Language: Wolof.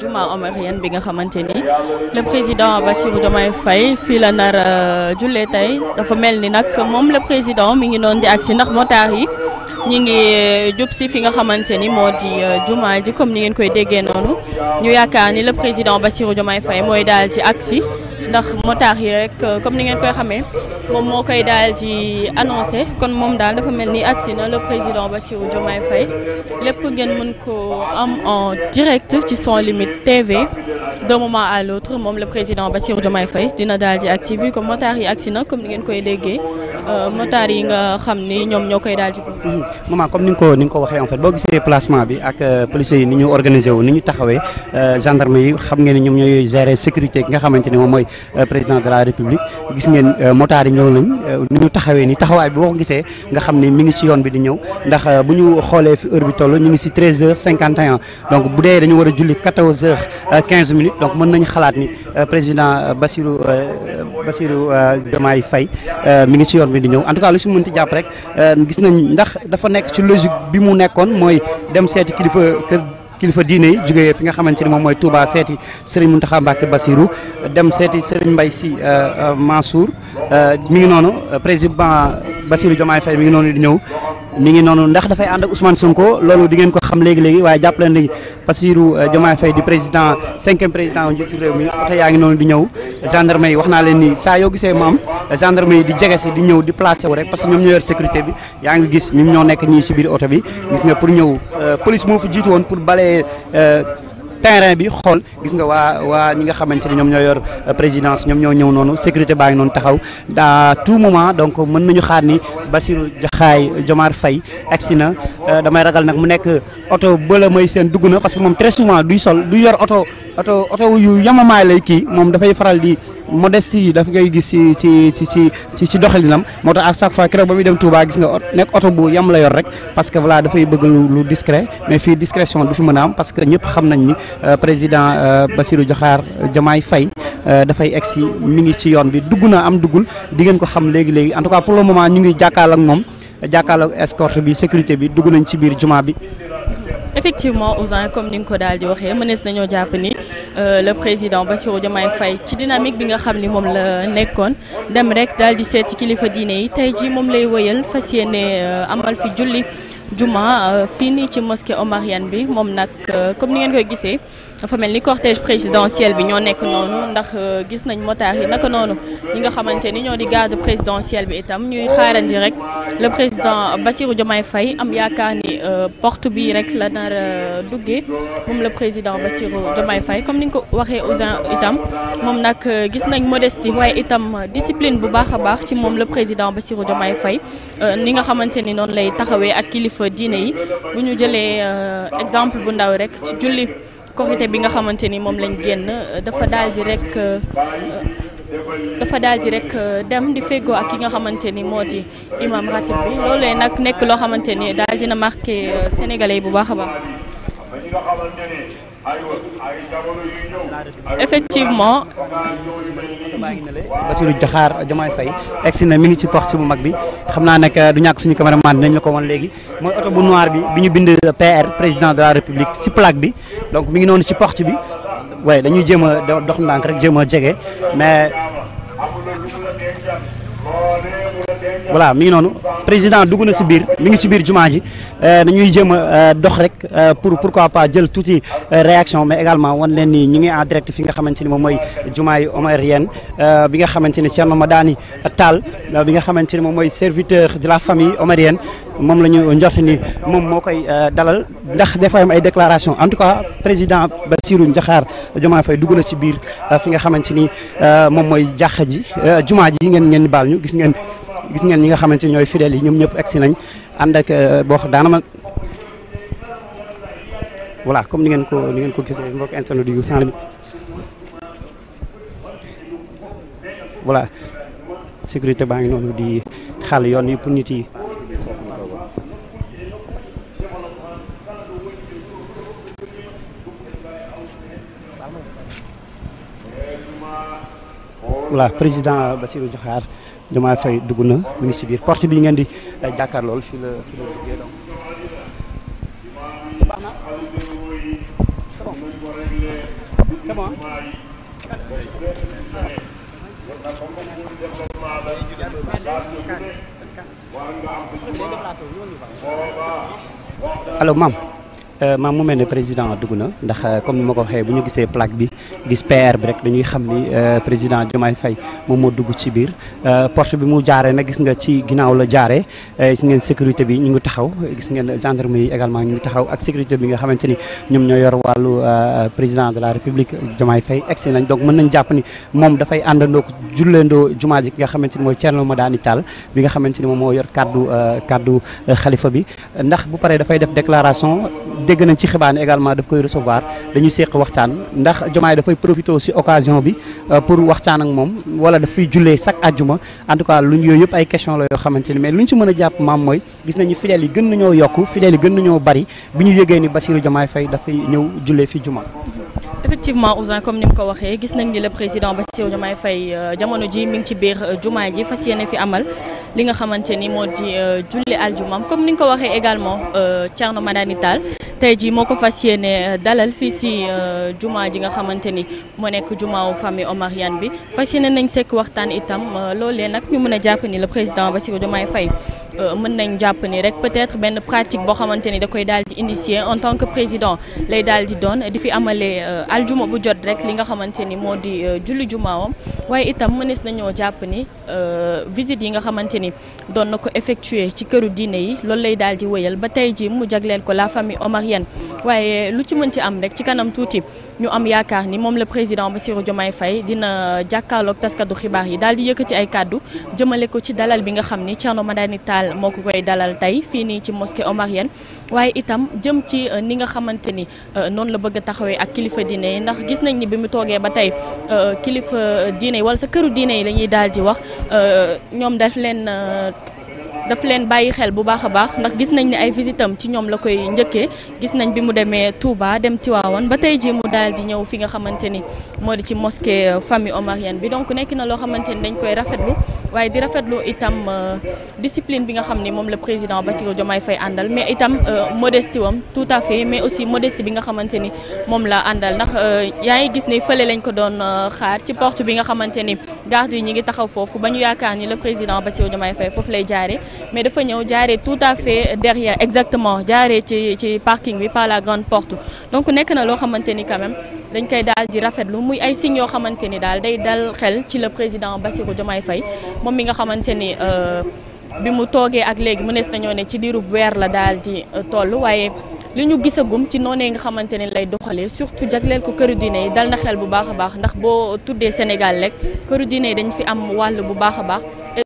juma omarienne bi nga xamante ni le président Bassirou Diomaye fay fii la nar euh, jullee tey dafa mel ni nag moom la président mi ngi noonu di agsi ndax motaar yi ñi ngi euh, jub si fi nga xamante ni moo di euh, juma ji comme ni ngeen koy déggee noonu ñu yaakaar ni le président Bassirou Diomaye fay mooy daal ci aksi ndax motard yi rek euh, comme ni ngeen koy xamee moom moo koy daal di annoncé kon moom daal dafa mel ni agsi na le président Bassirou Diomaye fay lépp ngeen mën ko am en direct ci son Limites TV d'un moment à l'autre moom la président Bassirou Diomaye fay dina daal di agsi vu que motard yi agsi na comme ni ngeen koy déggee Euh, motaar yi nga xam ni ñoom ñoo koy daal ci mhm. maman comme ni nga ko ni nga ko waxee en fait boo gisee placement bi ak euh, policiers yi ni ñu organisé wu ni ñu taxawee euh, gendarme yi xam ngeen ne ñoom ñooy gérer sécurité ki nga xamante ne moom mooy président de la république gis ngeen motaar yi ñëw nañ ni ñu taxawee ni taxawaay bi boo ko gisee nga xam ni mi ngi ci yoon bi di ñëw ndax bu ñu xoolee fi heure bi toll ñu ngi ci 13 cinquante 51 donc bu dee dañu war a julli 14 heures 15 minutes donc mën nañ xalaat ni président Bassirou Bassirou Diomaye Faye mi ngi ci yoon bi di ñëw en tout cas lu si mënti jàpp rek euh, gis nañ ndax dafa nekk ci logique bi mu nekkoon mooy dem seeti kilifa kër kilifa diine yi jógee fi nga xamante ne moom mooy Touba seeti Serigne Mountakha Mbacké Bassirou dem seeti Serigne Mbaye Sy euh, euh, Mansour mi ngi noonu président Bassirou Diomaye Faye mi ngi noonu di ñëw ni ngi noonu ndax dafay ànd ak Ousmane Sonko loolu di ngeen ko xam léegi léegi waaye jàpp leen ni Bassirou euh, Diomaye Faye di président cinquième président njiitu réew mi oto yaa ngi noonu di ñëw gendarme yi wax naa leen ni saa yoo gisee maam gendarme yi di jege si di ñëw di placé wu rek parce que ñoom ñoo yor sécurité bi yaa ngi gis ñoom ñoo nekk ñii si biir oto bi gis nga pour ñëw euh, police moo fi jiitu woon pour balayer. Euh, terrain bi xool gis nga waa waa ñi nga xamante ni ñoom ñoo yor euh, présidence ñoom ñoo ñëw noonu sécurité baa ngi noonu taxaw à tout moment donc mën nañu xaar ni Bassirou Diakhaay Diomaar Faye agsi na euh, damay ragal nag mu nekk oto bëla may seen dugg na parce que moom très souvent duy sol du yor oto oto oto yu yamamaay lay kii moom dafay faral di modeste yi daf ngay gis ci ci ci ci ci doxalinam moo tax à chaque fois keroog ba muy dem Touba gis nga nekk oto bu yam la yor rek parce que voilà dafay bëgg lu discret mais fii discrétion du fi mën a am parce que ñëpp xam nañ ni euh, président euh, Bassirou Diakhar euh, Diomaye Faye dafay egg si mu ngi ci yoon bi dugg na am duggul di ngeen ko xam léegi léegi en tout cas pour le moment ñu ngi jàkkaarloo ak moom jàkkaarloo ak escorte bi sécurité bi dugg nañ ci biir jumaa bi. effectivement Ousin comme ni nga ko daal di waxee mënees nañoo jàpp ni euh, le président ba Bassirou Diomaye fay ci dynamique bi nga xam ni moom la nekkoon dem rek daal di seeti kilifa diine yi tey ji moom lay wëyal fas yéene euh, amal fi julli juma euh, fii nii ci mosquée Omarienne bi moom nag comme ni ngeen koy gisee. dafa mel ni cortège présidentiel bi ñoo nekk noonu ndax euh, gis nañ motards yi naka noonu ñi nga xamante ni ñoo di garde présidentielle bi itam ñuy xaarandi rek le président Bassirou Diomaye Faye am yaakaar ni euh, porte bi rek la nar a euh, duggee le président Bassirou Diomaye Faye comme ni nga ko waxee Ousin itam moom nag gis nañ modestie waaye itam discipline bu baax a baax ci moom la président ba Bassirou Diomaye fay ni nga xamante ni noonu lay taxawee ak kilifa diine yi bu ñu jëlee exemple bu ndaw rek ci julli korité bi nga xamante ni moom lañ génn euh, dafa daal di rek euh, euh, dafa daal di rek dem di feggoo ak ki nga xamante ni moo di imam bi loolee nag nekk loo xamante ni daal dina marqué sénégalais yi bu baax a baax. effectivement. Bassirou Diakhar Diomaye Faye egsi na mi ngi ci porte bu mag bi xam naa nag du ñàkk suñu caméraman dinañ la ko woon léegi mooy oto bu noir bi bi ñu bind PR président de la république ci plaque bi. donc mi ngi noonu ci porte bi waaye dañuy jéem a dox ndànk rek jéem a jege mais. voilà mi ngi noonu président dugg na si biir mi ngi si biir jumaa ji euh, dañuy jéem a euh, dox rek euh, pour pourquoi pas jël tuuti réaction mais également wan leen nii ñu ngi en direct fi nga xamante ni moom mooy jumaa yi omarienne bi nga xamante ni Thierno Madani Tall bi nga xamante ni moom mooy serviteur de la famille omarienne moom la ñu njort moom moo koy dalal ndax dafa am ay déclaration en tout cas président Bassirou Ndiakhar Diomaye Faye dugg na ci biir fi nga xamante ni moom mooy jàkka ji jumaa ji ngeen ngeen baal ñu gis ngeen gis ngeen ñi nga xamante ñooy fidèles yi ñoom ñëpp egsi nañ ànd ak euh, boo xam daanama voilà comme ni ngeen ko ni ngeen ko gisee mbokk internet yu sans limite sécurité baa ngi noonu di xàll yoon yi pour nit yi. voilà président Bassirou Diokhar Diomaye Faye dugg na mi ngi ci biir porte bi ngeen di eh, jàkkaar lool fii la fii la duggee donc c'est bon maam Euh, maam mu mel ne président dugg na ndax euh, comme ni ma ko waxee bu ñu gisee plaque bi gis PR bi rek dañuy xam ni euh, président Diomaye Faye moom moo dugg ci biir porte bi mu jaaree nag gis nga ci ginnaaw la jaaree gis ngeen sécurité bi ñu ngi taxaw gis ngeen gendarmerie yi également ñu ngi taxaw ak sécurité bi nga xamante ni ñoom ñoo yor wàllu président de la république Diomaye Faye egsi nañ donc mën nañ jàpp ni moom dafay àndandoo ko julleendoo jumaa ji ki nga xamante ni mooy Thierno Madani Tall bi nga xamante ni moom moo yor kaddu kaddu xalifa bi ndax bu paree dafay def déclaration dégg nañ ci xibaar ne également daf koy recevoir dañu seq waxtaan ndax Diomaye dafay profité aussi occasion bi euh, pour waxtaan ak moom wala dafay jullee chaque àjjuma en tout cas luñ yooyu yëpp ay question la yoo xamante ni mais luñ si mën a jàpp maam mooy gis nañu fidèles yi gën nañoo yokk fidèles yi gën nañoo bari bi ñu yëgee ni Bassirou Diomaye fay dafay ñëw jullee fi juma effectivement Ousin comme ni mu ko waxee gis nañ ni le président Bassirou Diomaye Faye euh, jamono ji mi ngi ci biir euh, jumaa ji fas yéene fi amal li nga xamante ni moo di euh, julli aljumaam comme ni nga ko waxee également Thierno Madani Tall tey jii moo ko fas yéene dalal fii si jumaa ji nga xamante ni moo nekk jumaawu famille Omarienne bi fas yéene nañ sekk waxtaan itam loolee nag ñu mën a jàpp ni le président ba Bassirou Diomaye fay Euh, mën nañ jàpp ni rek peut-être benn pratique boo xamante ni da koy daal di initier en tant que président lay daal di doon di fi amalee euh, aljuma bu jot rek li nga xamante ni moo di euh, julli jumaawam waaye itam mënees nañoo jàpp ni visite yi nga xamante ni doon na ko effectuer ci këru diine yi loolu lay daal di wëyal ba tey ji mu jagleel ko la famille yan waaye lu ci mën ci am rek ci kanam tuuti ñu am yaakaar ni moom la président Bassirou Diomaye Faye dina euh, jàkkaarloog taskatu xibaar yi daal di yëkkati ay kàddu jëmale ko ci dalal bi nga xam ni Thierno Madani Tall moo ko koy dalal tey fii nii ci mosquée Omarienne waaye itam jëm ci euh, ni nga xamante ni euh, noonu la bëgg a taxawee ak kilifa diine yi ndax gis nañ ni bi mu toogee ba tey kilifa diine yi wala sa këru diine yi la ñuy daal di wax ñoom daf leen. daf leen bàyyi xel bu baax a baax ndax gis nañ ne ay visitam ci ñoom la koy njëkkee gis nañ bi mu demee Touba dem Tiwaawan ba tey ji mu daal di ñëw fi nga xamante ni moo di ci mosquée euh, famille omarienne bi donc nekk na loo xamante ni dañ koy rafetlu waaye di rafetlu itam euh, discipline bi nga xam ni moom la président Bassirou Diomaye Faye àndal mais itam euh, modestie wam tout à fait mais aussi modestie bi nga xamante ni moom la àndal ndax yaa ngi gis ne fële lañ ko doon xaar ci porte bi nga xamante ni garde yi ñu ngi taxaw foofu ba ñu yaakaar ni la président Bassirou Diomaye Faye foofu lay jaaree mais dafa ñëw jaaree tout à fait derrière exactement jaare ci ci parking bi par la grande porte donc nekk na loo xamante ni quand même dañ koy daal di rafetlu muy ay signes yoo xamante ni daal day dal xel ci le président Bassirou Diomaye fay moom mi nga xamante ni euh, bi mu toogee ak léegi mënees nañoo ne ci diirub weer la daal di euh, toll waaye. li ñu gisagum ci noonee nga xamante ne lay doxalee surtout jagleel ko këru diine yi dal na xel bu baax a baax ndax boo tuddee Sénégal rek këru diine yi dañ fi am wàll bu baax a baax